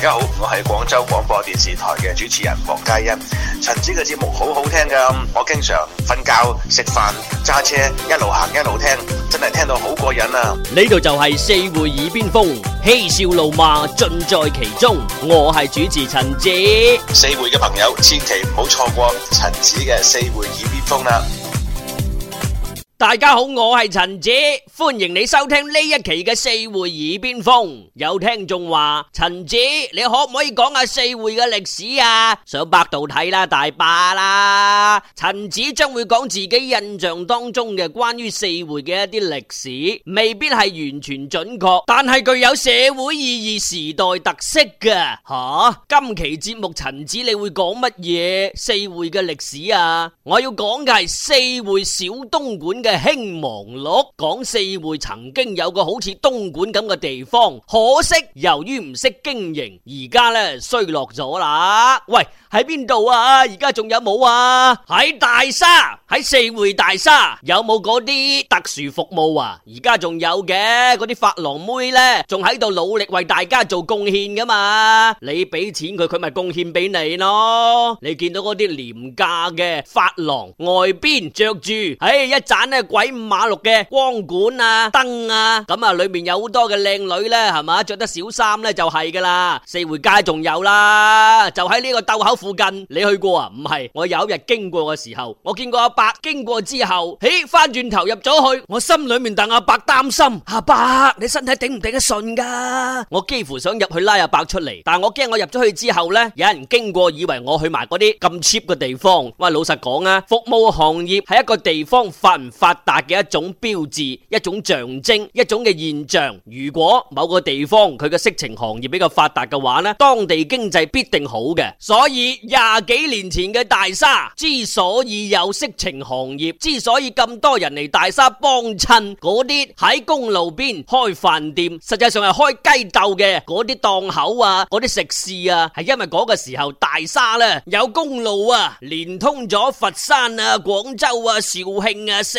大家好，我係廣州廣播電視台嘅主持人黃佳欣。陳子嘅節目好好聽噶，我經常瞓覺、食飯、揸車，一路行一路聽，真係聽到好過癮啊！呢度就係四會耳邊風，嬉笑怒罵盡在其中。我係主持陳子，四會嘅朋友千祈唔好錯過陳子嘅四會耳邊風啦。大家好，我係陳子，歡迎你收聽呢一期嘅四會耳邊風。有聽眾話：陳子，你可唔可以講下四會嘅歷史啊？上百度睇啦，大把啦。陳子將會講自己印象當中嘅關於四會嘅一啲歷史，未必係完全準確，但係具有社會意義、時代特色嘅。吓，今期節目陳子你會講乜嘢四會嘅歷史啊？我要講嘅係四會小東莞嘅。興亡錄講四會曾經有個好似東莞咁嘅地方，可惜由於唔識經營，而家咧衰落咗啦。喂，喺邊度啊？而家仲有冇啊？喺大沙，喺四會大沙有冇嗰啲特殊服務啊？而家仲有嘅，嗰啲髮廊妹咧仲喺度努力為大家做貢獻噶嘛？你俾錢佢，佢咪貢獻俾你咯？你見到嗰啲廉價嘅髮廊外邊着住，唉，一盞咧。鬼五馬六嘅光管啊燈啊，咁啊，裏面有好多嘅靚女咧，係嘛？着得小衫咧就係噶啦。四會街仲有啦，就喺呢個斗口附近，你去過啊？唔係，我有一日經過嘅時候，我見過阿伯經過之後，咦，翻轉頭入咗去，我心裏面戥阿伯擔心，阿伯你身體頂唔頂得順噶？我幾乎想入去拉阿伯出嚟，但我驚我入咗去之後咧，有人經過以為我去埋嗰啲咁 cheap 嘅地方。喂，老實講啊，服務行業係一個地方發唔發發達嘅一種標誌、一種象徵、一種嘅現象。如果某個地方佢嘅色情行業比較發達嘅話呢，當地經濟必定好嘅。所以廿幾年前嘅大沙之所以有色情行業，之所以咁多人嚟大沙幫襯，嗰啲喺公路邊開飯店，實際上係開雞竇嘅嗰啲檔口啊，嗰啲食肆啊，係因為嗰個時候大沙呢有公路啊，連通咗佛山啊、廣州啊、肇慶啊四。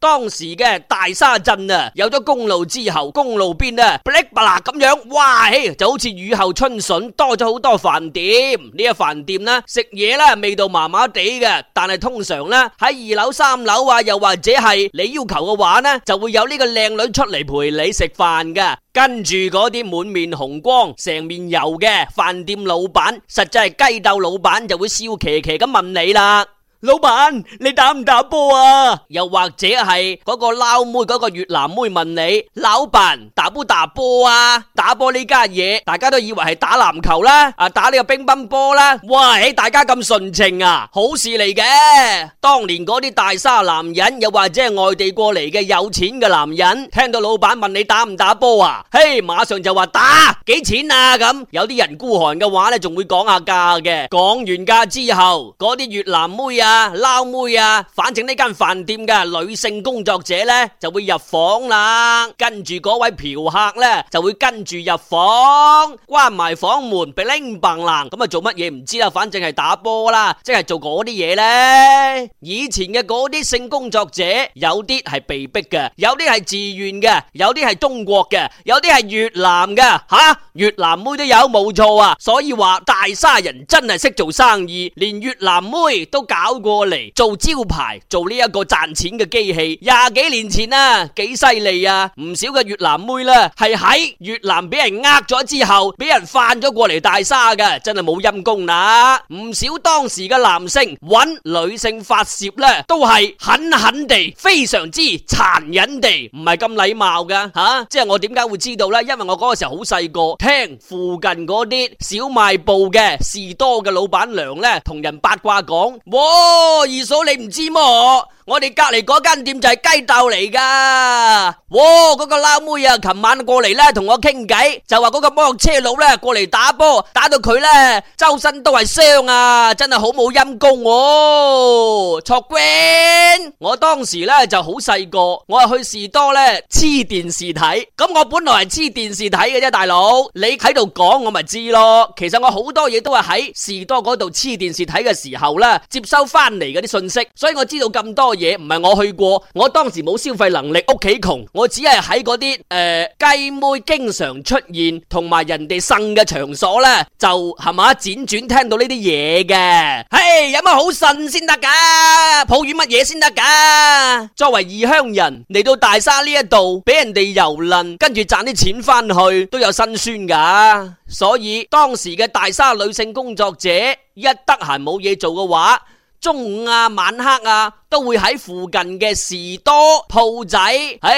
當時嘅大沙鎮啊，有咗公路之後，公路邊啊，噼啪咁樣，哇，就好似雨後春筍，多咗好多飯店。呢個飯店呢，食嘢呢，味道麻麻地嘅，但係通常呢，喺二樓三樓啊，又或者係你要求嘅話呢，就會有呢個靚女出嚟陪你食飯嘅。跟住嗰啲滿面紅光、成面油嘅飯店老闆，實際係雞竇老闆，就會笑騎騎咁問你啦。老闆，你打唔打波啊？又或者係嗰個撈妹，嗰個越南妹問你，老闆，打波打波啊？打波呢家嘢，大家都以為係打籃球啦，啊打呢個乒乓波啦。喂，大家咁純情啊，好事嚟嘅。當年嗰啲大沙男人，又或者係外地過嚟嘅有錢嘅男人，聽到老闆問你打唔打波啊？嘿，馬上就話打，幾錢啊？咁有啲人孤寒嘅話呢，仲會講下價嘅。講完價之後，嗰啲越南妹啊～啊，撈妹啊，反正呢間飯店嘅女性工作者咧就會入房啦，跟住嗰位嫖客咧就會跟住入房，關埋房門俾拎唪爛，咁啊做乜嘢唔知啊，反正係打波啦，即係做嗰啲嘢咧。以前嘅嗰啲性工作者，有啲係被逼嘅，有啲係自願嘅，有啲係中國嘅，有啲係越南嘅，吓越南妹都有，冇錯啊。所以話大沙人真係識做生意，連越南妹都搞。過嚟做招牌，做呢一個賺錢嘅機器。廿幾年前啊，幾犀利啊！唔少嘅越南妹咧，係喺越南俾人呃咗之後，俾人販咗過嚟大沙嘅，真係冇陰功嗱。唔少當時嘅男性搵女性發洩咧，都係狠狠地、非常之殘忍地，唔係咁禮貌噶吓。即係我點解會知道咧？因為我嗰個時候好細個，聽附近嗰啲小賣部嘅士多嘅老闆娘咧，同人八卦講，哇！哦，二嫂你唔知麼？我哋隔籬嗰間店就係雞竇嚟噶。哇，嗰個撈妹啊，琴晚過嚟咧，同我傾偈，就話嗰個摩托車佬咧，過嚟打波，打到佢咧周身都係傷啊，真係好冇陰功哦。卓君，我當時咧就好細個，我係去士多咧黐電視睇，咁我本來係黐電視睇嘅啫，大佬，你喺度講我咪知咯。其實我好多嘢都係喺士多嗰度黐電視睇嘅時候咧接收翻嚟嗰啲信息，所以我知道咁多嘢唔係我去過，我當時冇消費能力，屋企窮，我只係喺嗰啲誒雞妹經常出現同埋人哋生嘅場所咧，就係嘛輾轉聽到呢啲嘢嘅。嘿，有乜好信先得噶？抱怨乜嘢先得噶？作為異鄉人嚟到大沙呢一度，俾人哋蹂躪，跟住賺啲錢翻去都有辛酸噶。所以當時嘅大沙女性工作者一得閒冇嘢做嘅話，中午啊，晚黑啊。都會喺附近嘅士多鋪仔，唉，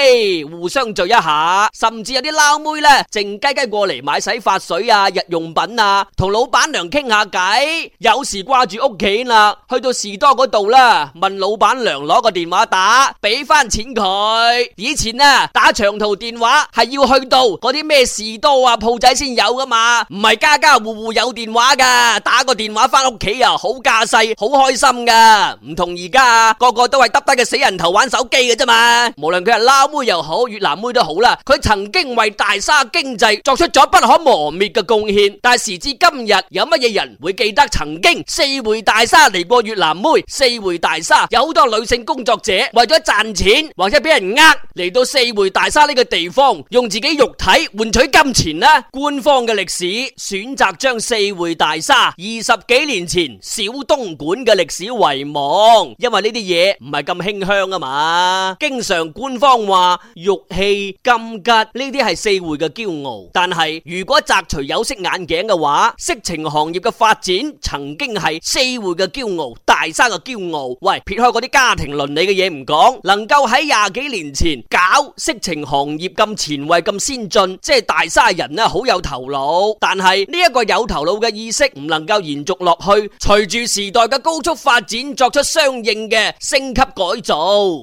互相聚一下，甚至有啲撈妹呢，靜雞雞過嚟買洗髮水啊、日用品啊，同老闆娘傾下偈。有時掛住屋企啦，去到士多嗰度啦，問老闆娘攞個電話打，俾翻錢佢。以前啊，打長途電話係要去到嗰啲咩士多啊鋪仔先有噶嘛，唔係家家戶戶有電話噶。打個電話翻屋企啊，好架勢，好開心噶，唔同而家。個個都係耷低嘅死人頭玩手機嘅啫嘛！無論佢係撈妹又好，越南妹都好啦，佢曾經為大沙經濟作出咗不可磨滅嘅貢獻。但係時至今日，有乜嘢人會記得曾經四會大沙嚟過越南妹？四會大沙有好多女性工作者為咗賺錢或者俾人呃嚟到四會大沙呢個地方，用自己肉體換取金錢呢？官方嘅歷史選擇將四會大沙二十幾年前小東莞嘅歷史遺忘，因為呢啲。嘢唔係咁馨香啊嘛！經常官方話玉器金桔呢啲係四會嘅驕傲，但係如果摘除有色眼鏡嘅話，色情行業嘅發展曾經係四會嘅驕傲，大沙嘅驕傲。喂，撇開嗰啲家庭倫理嘅嘢唔講，能夠喺廿幾年前搞色情行業咁前衛咁先進，即係大沙人呢好有頭腦。但係呢一個有頭腦嘅意識唔能夠延續落去，隨住時代嘅高速發展，作出相應嘅。升級改造，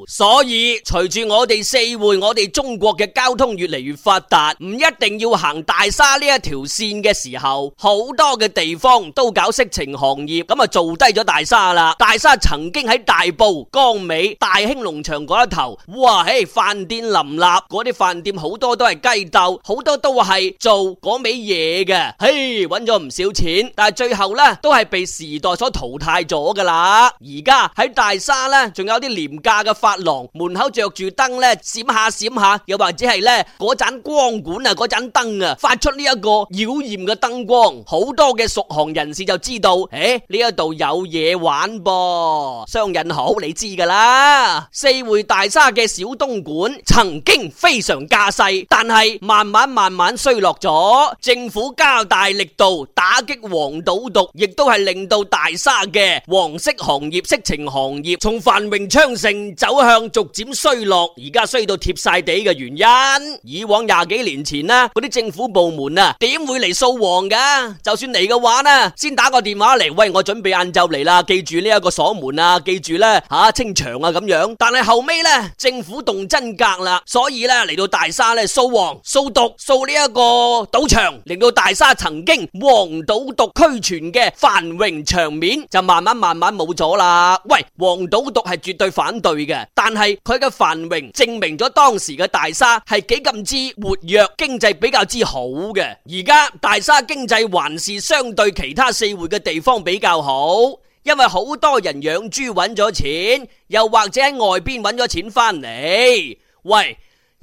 所以隨住我哋四會，我哋中國嘅交通越嚟越發達，唔一定要行大沙呢一條綫嘅時候，好多嘅地方都搞色情行業，咁啊做低咗大沙啦。大沙曾經喺大埔、江尾、大興農場嗰一頭，哇，嘿飯店林立，嗰啲飯店好多都係雞竇，好多都係做嗰味嘢嘅，嘿，搵咗唔少錢，但係最後咧都係被時代所淘汰咗噶啦。而家喺大沙。仲有啲廉價嘅髮廊門口着住燈呢閃下閃下，又或者係呢嗰盞光管啊，嗰盞燈啊，發出呢一個妖艷嘅燈光，好多嘅熟行人士就知道，誒呢一度有嘢玩噃，商人好你知㗎啦。四會大沙嘅小東莞曾經非常架勢，但係慢慢慢慢衰落咗。政府加大力度打擊黃賭毒，亦都係令到大沙嘅黃色行業、色情行業繁榮昌盛走向逐漸衰落，而家衰到貼晒地嘅原因，以往廿幾年前呢，嗰啲政府部門啊點會嚟掃黃㗎？就算嚟嘅話呢，先打個電話嚟，喂，我準備晏晝嚟啦，記住呢一個鎖門啊，記住呢吓清場啊咁樣。但係後尾呢，政府動真格啦，所以呢嚟到大沙呢掃黃、掃毒、掃呢一個賭場，令到大沙曾經黃賭毒俱全嘅繁榮場面就慢慢慢慢冇咗啦。喂，黃賭獨係絕對反對嘅，但係佢嘅繁榮證明咗當時嘅大沙係幾咁之活躍，經濟比較之好嘅。而家大沙經濟還是相對其他四會嘅地方比較好，因為好多人養豬揾咗錢，又或者喺外邊揾咗錢返嚟。喂，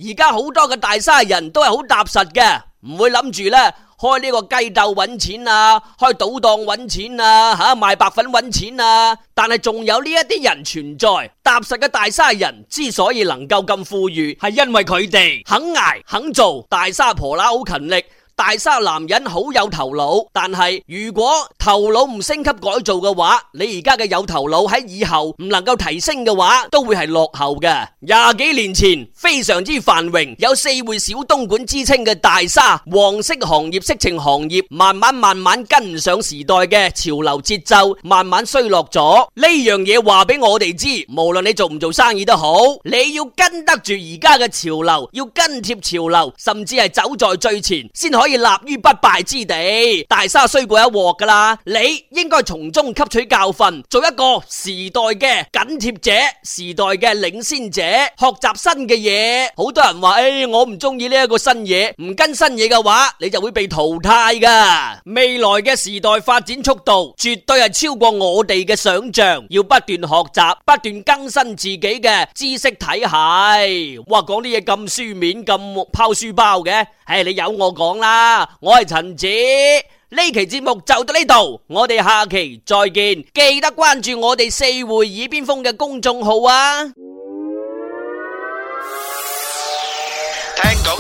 而家好多嘅大沙人都係好踏實嘅，唔會諗住呢。開呢個雞竇搵錢啊，開賭檔搵錢啊，吓賣白粉搵錢啊，但係仲有呢一啲人存在。踏實嘅大沙人之所以能夠咁富裕，係因為佢哋肯捱肯做，大沙婆乸好勤力。大沙男人好有頭腦，但係如果頭腦唔升級改造嘅話，你而家嘅有頭腦喺以後唔能夠提升嘅話，都會係落後嘅。廿幾年前非常之繁榮，有四會小東莞之稱嘅大沙，黃色行業、色情行業慢慢慢慢跟唔上時代嘅潮流節奏，慢慢衰落咗。呢樣嘢話俾我哋知，無論你做唔做生意都好，你要跟得住而家嘅潮流，要跟貼潮流，甚至係走在最前先可可以立於不敗之地，大沙衰過一鑊噶啦，你應該從中吸取教訓，做一個時代嘅緊貼者，時代嘅領先者，學習新嘅嘢。好多人話：誒，我唔中意呢一個新嘢，唔跟新嘢嘅話，你就會被淘汰噶。未來嘅時代發展速度絕對係超過我哋嘅想象，要不斷學習，不斷更新自己嘅知識體系。哇，講啲嘢咁書面，咁拋書包嘅，誒，你有我講啦。我係陳子，呢期節目就到呢度，我哋下期再見，記得關注我哋四會耳邊風嘅公眾號啊！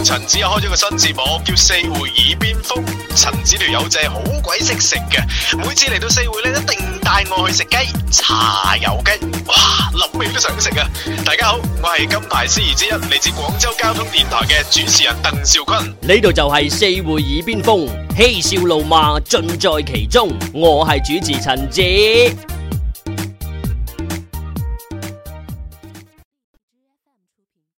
陳子又開咗個新節目，叫四會耳邊風。陳子條友仔好鬼識食嘅，每次嚟到四會呢，一定帶我去食雞茶油雞，哇，諗起都想食啊！大家好，我係金牌司儀之一，嚟自廣州交通電台嘅主持人鄧兆坤。呢度就係四會耳邊風，嬉笑怒罵盡在其中。我係主持陳子。